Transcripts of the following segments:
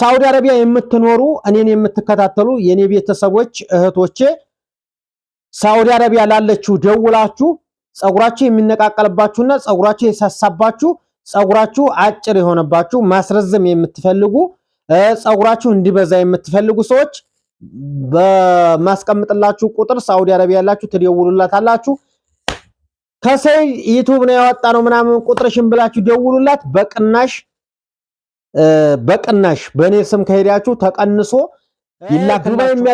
ሳውዲ አረቢያ የምትኖሩ እኔን የምትከታተሉ የኔ ቤተሰቦች እህቶቼ፣ ሳውዲ አረቢያ ላለችው ደውላችሁ ጸጉራችሁ የሚነቃቀልባችሁና ጸጉራችሁ የሳሳባችሁ ጸጉራችሁ አጭር የሆነባችሁ ማስረዘም የምትፈልጉ ጸጉራችሁ እንዲበዛ የምትፈልጉ ሰዎች በማስቀምጥላችሁ ቁጥር ሳውዲ አረቢያ ያላችሁ ትደውሉላታላችሁ። ከሰይ ዩቱብ ነው ያወጣ ነው ምናምን ቁጥርሽን ብላችሁ ደውሉላት በቅናሽ በቅናሽ በእኔ ስም ከሄዳችሁ ተቀንሶ ይላክላችሁ። ዱባይም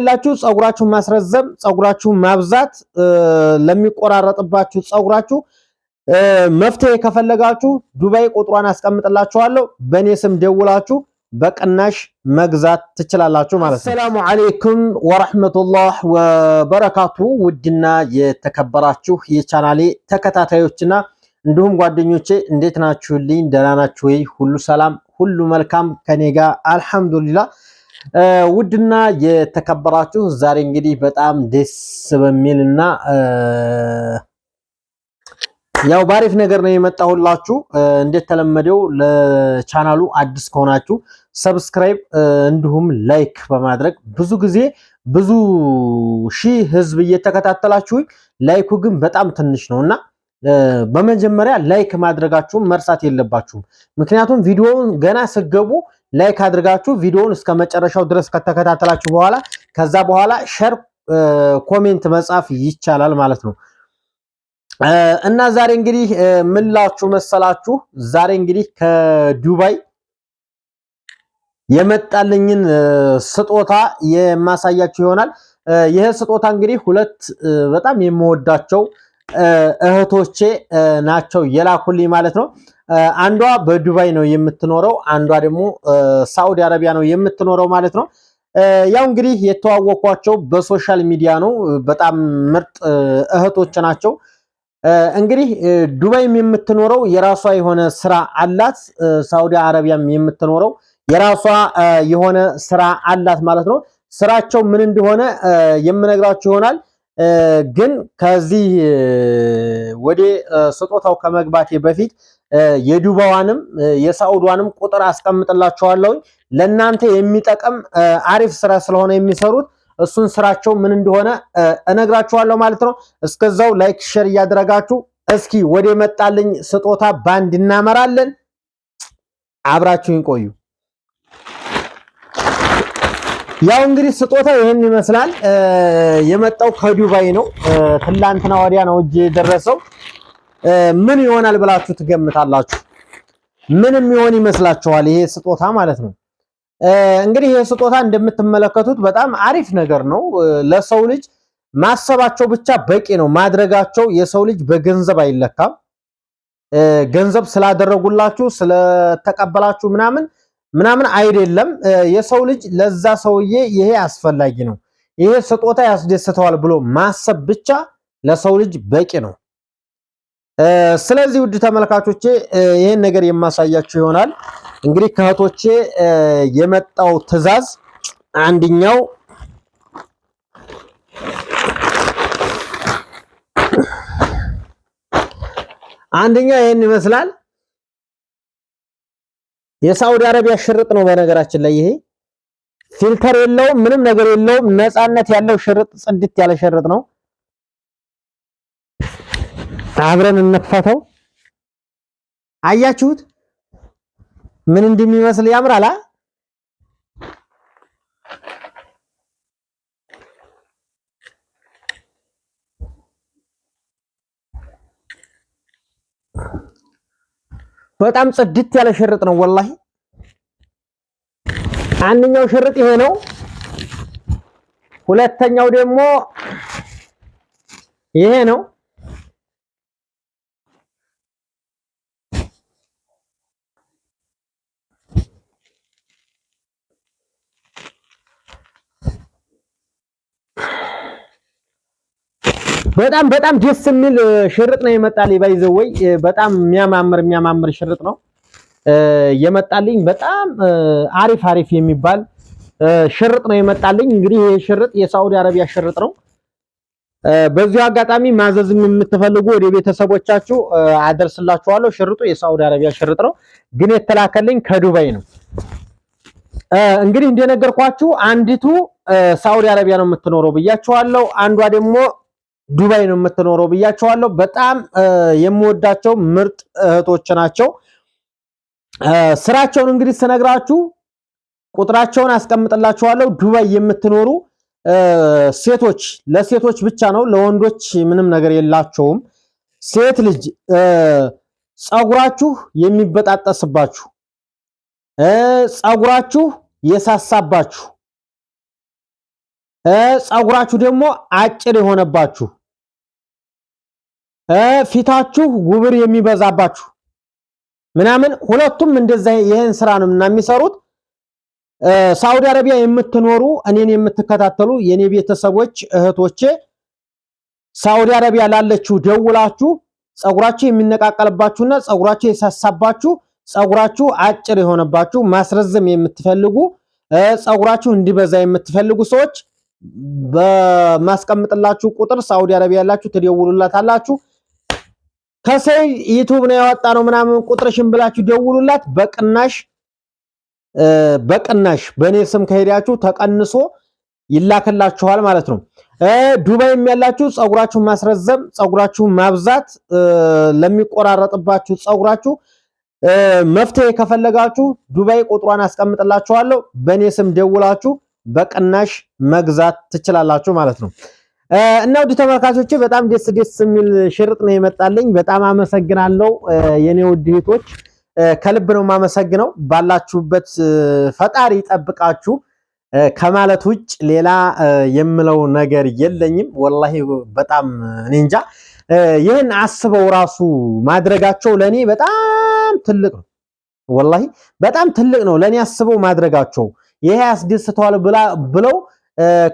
ያላችሁ ማስረዘም፣ ፀጉራችሁ ማብዛት፣ ለሚቆራረጥባችሁ ፀጉራችሁ መፍትሄ ከፈለጋችሁ ዱባይ ቁጥሯን አስቀምጥላችኋለሁ። በእኔ ስም ደውላችሁ በቅናሽ መግዛት ትችላላችሁ ማለት ነው። አሰላሙ አለይኩም ወራህመቱላህ ወበረካቱ። ውድና የተከበራችሁ የቻናሌ ተከታታዮችና እንዲሁም ጓደኞቼ እንዴት ናችሁልኝ? ደህና ናችሁ ወይ? ሁሉ ሰላም፣ ሁሉ መልካም ከኔ ጋር አልሐምዱሊላ። ውድና የተከበራችሁ ዛሬ እንግዲህ በጣም ደስ በሚል እና ያው ባሪፍ ነገር ነው የመጣሁላችሁ። እንዴት ተለመደው ለቻናሉ አዲስ ከሆናችሁ ሰብስክራይብ እንዲሁም ላይክ በማድረግ ብዙ ጊዜ ብዙ ሺህ ህዝብ እየተከታተላችሁኝ ላይኩ ግን በጣም ትንሽ ነው እና በመጀመሪያ ላይክ ማድረጋችሁን መርሳት የለባችሁም። ምክንያቱም ቪዲዮውን ገና ስገቡ ላይክ አድርጋችሁ ቪዲዮውን እስከ መጨረሻው ድረስ ከተከታተላችሁ በኋላ ከዛ በኋላ ሸር ኮሜንት መጻፍ ይቻላል ማለት ነው። እና ዛሬ እንግዲህ ምላችሁ መሰላችሁ ዛሬ እንግዲህ ከዱባይ የመጣልኝን ስጦታ የማሳያችሁ ይሆናል። ይህ ስጦታ እንግዲህ ሁለት በጣም የምወዳቸው እህቶቼ ናቸው የላኩልኝ ማለት ነው። አንዷ በዱባይ ነው የምትኖረው፣ አንዷ ደግሞ ሳዑዲ አረቢያ ነው የምትኖረው ማለት ነው። ያው እንግዲህ የተዋወቋቸው በሶሻል ሚዲያ ነው። በጣም ምርጥ እህቶች ናቸው። እንግዲህ ዱባይም የምትኖረው የራሷ የሆነ ስራ አላት፣ ሳዑዲ አረቢያም የምትኖረው የራሷ የሆነ ስራ አላት ማለት ነው። ስራቸው ምን እንደሆነ የምነግራችሁ ይሆናል። ግን ከዚህ ወደ ስጦታው ከመግባቴ በፊት የዱባዋንም የሳዑዷንም ቁጥር አስቀምጥላችኋለሁኝ። ለእናንተ የሚጠቅም አሪፍ ስራ ስለሆነ የሚሰሩት እሱን ስራቸው ምን እንደሆነ እነግራችኋለሁ ማለት ነው። እስከዛው ላይክ፣ ሼር እያደረጋችሁ እስኪ ወደ መጣልኝ ስጦታ ባንድ እናመራለን። አብራችሁኝ ቆዩ። ያው እንግዲህ ስጦታ ይህን ይመስላል። የመጣው ከዱባይ ነው። ትላንትና ወዲያ ነው እጅ የደረሰው። ምን ይሆናል ብላችሁ ትገምታላችሁ? ምንም ይሆን ይመስላችኋል? ይሄ ስጦታ ማለት ነው። እንግዲህ ይሄ ስጦታ እንደምትመለከቱት በጣም አሪፍ ነገር ነው። ለሰው ልጅ ማሰባቸው ብቻ በቂ ነው። ማድረጋቸው የሰው ልጅ በገንዘብ አይለካም። ገንዘብ ስላደረጉላችሁ ስለተቀበላችሁ ምናምን ምናምን አይደለም። የሰው ልጅ ለዛ ሰውዬ ይሄ አስፈላጊ ነው፣ ይሄ ስጦታ ያስደስተዋል ብሎ ማሰብ ብቻ ለሰው ልጅ በቂ ነው። ስለዚህ ውድ ተመልካቾቼ ይህን ነገር የማሳያችሁ ይሆናል። እንግዲህ ከእህቶቼ የመጣው ትዕዛዝ አንድኛው አንደኛው ይህን ይመስላል። የሳውዲ አረቢያ ሽርጥ ነው። በነገራችን ላይ ይሄ ፊልተር የለውም፣ ምንም ነገር የለውም። ነፃነት ያለው ሽርጥ፣ ጽድት ያለ ሽርጥ ነው። አብረን እንፈተው። አያችሁት ምን እንደሚመስል ያምራላ። በጣም ጽድት ያለ ሽርጥ ነው። ወላሂ አንደኛው ሽርጥ ይሄ ነው። ሁለተኛው ደግሞ ይሄ ነው። በጣም በጣም ደስ የሚል ሽርጥ ነው የመጣልኝ። ባይዘወይ በጣም የሚያማምር የሚያማምር ሽርጥ ነው የመጣልኝ። በጣም አሪፍ አሪፍ የሚባል ሽርጥ ነው የመጣልኝ። እንግዲህ ይሄ ሽርጥ የሳዑዲ አረቢያ ሽርጥ ነው። በዚሁ አጋጣሚ ማዘዝም የምትፈልጉ ወደ ቤተሰቦቻችሁ አደርስላችኋለሁ። ሽርጡ የሳዑዲ አረቢያ ሽርጥ ነው፣ ግን የተላከልኝ ከዱባይ ነው። እንግዲህ እንደነገርኳችሁ አንዲቱ ሳዑዲ አረቢያ ነው የምትኖረው ብያችኋለሁ። አንዷ ደግሞ ዱባይ ነው የምትኖረው ብያቸዋለሁ። በጣም የምወዳቸው ምርጥ እህቶች ናቸው። ስራቸውን እንግዲህ ስነግራችሁ ቁጥራቸውን አስቀምጥላችኋለሁ። ዱባይ የምትኖሩ ሴቶች ለሴቶች ብቻ ነው፣ ለወንዶች ምንም ነገር የላቸውም። ሴት ልጅ ፀጉራችሁ የሚበጣጠስባችሁ፣ ፀጉራችሁ የሳሳባችሁ፣ ፀጉራችሁ ደግሞ አጭር የሆነባችሁ ፊታችሁ ጉብር የሚበዛባችሁ ምናምን ሁለቱም እንደዛ ይሄን ስራ ነው እና የሚሰሩት። ሳውዲ አረቢያ የምትኖሩ እኔን የምትከታተሉ የኔ ቤተሰቦች እህቶቼ፣ ሳውዲ አረቢያ ላለችው ደውላችሁ ጸጉራችሁ የሚነቃቀልባችሁና ጸጉራችሁ የሳሳባችሁ፣ ጸጉራችሁ አጭር የሆነባችሁ ማስረዘም የምትፈልጉ ጸጉራችሁ እንዲበዛ የምትፈልጉ ሰዎች በማስቀምጥላችሁ ቁጥር ሳውዲ አረቢያ ያላችሁ ትደውሉላታላችሁ። ከሰይ ዩቱብ ነው ያወጣ ነው ምናምን ቁጥርሽን ብላችሁ ደውሉላት። በቅናሽ በቅናሽ በእኔ ስም ከሄዳችሁ ተቀንሶ ይላክላችኋል ማለት ነው። ዱባይም ያላችሁ ፀጉራችሁን ማስረዘም፣ ፀጉራችሁን ማብዛት፣ ለሚቆራረጥባችሁ ፀጉራችሁ መፍትሄ ከፈለጋችሁ ዱባይ ቁጥሯን አስቀምጥላችኋለሁ። በእኔ ስም ደውላችሁ በቅናሽ መግዛት ትችላላችሁ ማለት ነው። እና ውድ ተመልካቾቼ በጣም ደስ ደስ የሚል ሽርጥ ነው የመጣልኝ። በጣም አመሰግናለሁ የኔ ውድ እህቶች፣ ከልብ ነው የማመሰግነው። ባላችሁበት ፈጣሪ ይጠብቃችሁ ከማለት ውጭ ሌላ የምለው ነገር የለኝም። ወላሂ በጣም እኔ እንጃ ይህን አስበው ራሱ ማድረጋቸው ለኔ በጣም ትልቅ ነው። ወላሂ በጣም ትልቅ ነው ለኔ አስበው ማድረጋቸው ይሄ ያስደስተዋል ብለው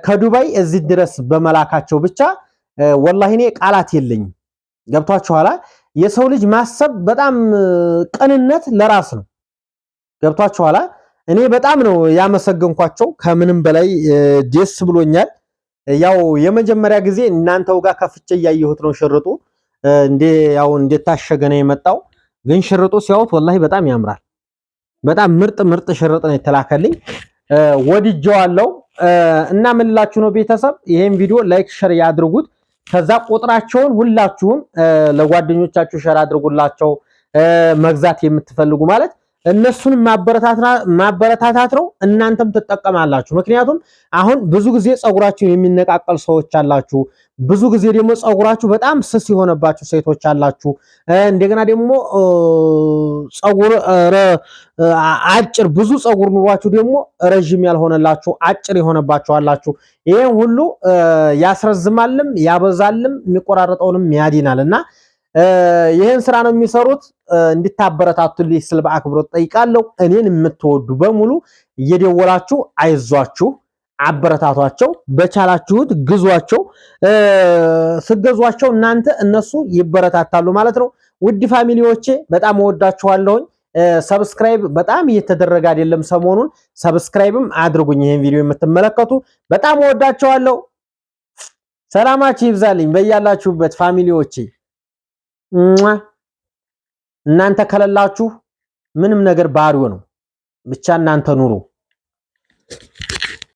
ከዱባይ እዚህ ድረስ በመላካቸው ብቻ ወላሂ እኔ ቃላት የለኝም። ገብቷችኋላ? የሰው ልጅ ማሰብ በጣም ቅንነት ለራስ ነው። ገብቷችኋላ? እኔ በጣም ነው ያመሰገንኳቸው። ከምንም በላይ ደስ ብሎኛል። ያው የመጀመሪያ ጊዜ እናንተው ጋር ከፍቼ እያየሁት ነው ሽርጡ እንዴ ያው እንደታሸገ ነው የመጣው። ግን ሽርጡ ሲያዩት ወላሂ በጣም ያምራል። በጣም ምርጥ ምርጥ ሽርጥ ነው የተላከልኝ። አለው። እና ምንላችሁ ነው ቤተሰብ ይሄን ቪዲዮ ላይክ ሸር ያድርጉት። ከዛ ቁጥራቸውን ሁላችሁም ለጓደኞቻችሁ ሸር አድርጉላቸው መግዛት የምትፈልጉ ማለት እነሱን ማበረታታት ነው። እናንተም ትጠቀማላችሁ። ምክንያቱም አሁን ብዙ ጊዜ ፀጉራችሁ የሚነቃቀል ሰዎች አላችሁ። ብዙ ጊዜ ደግሞ ፀጉራችሁ በጣም ስስ የሆነባችሁ ሴቶች አላችሁ። እንደገና ደግሞ ፀጉር አጭር ብዙ ፀጉር ኑሯችሁ ደግሞ ረዥም ያልሆነላችሁ አጭር የሆነባችሁ አላችሁ። ይህም ሁሉ ያስረዝማልም ያበዛልም የሚቆራረጠውንም ያዲናል እና ይህን ስራ ነው የሚሰሩት። እንድታበረታቱልኝ ስል በአክብሮት ጠይቃለሁ። እኔን የምትወዱ በሙሉ እየደወላችሁ አይዟችሁ፣ አበረታቷቸው፣ በቻላችሁት ግዟቸው። ስገዟቸው እናንተ እነሱ ይበረታታሉ ማለት ነው። ውድ ፋሚሊዎቼ በጣም እወዳችኋለሁኝ። ሰብስክራይብ በጣም እየተደረገ አይደለም ሰሞኑን። ሰብስክራይብም አድርጉኝ ይህን ቪዲዮ የምትመለከቱ። በጣም እወዳችኋለሁ። ሰላማችሁ ይብዛልኝ በያላችሁበት ፋሚሊዎቼ። እናንተ ከሌላችሁ ምንም ነገር ባዶ ነው። ብቻ እናንተ ኑሩ።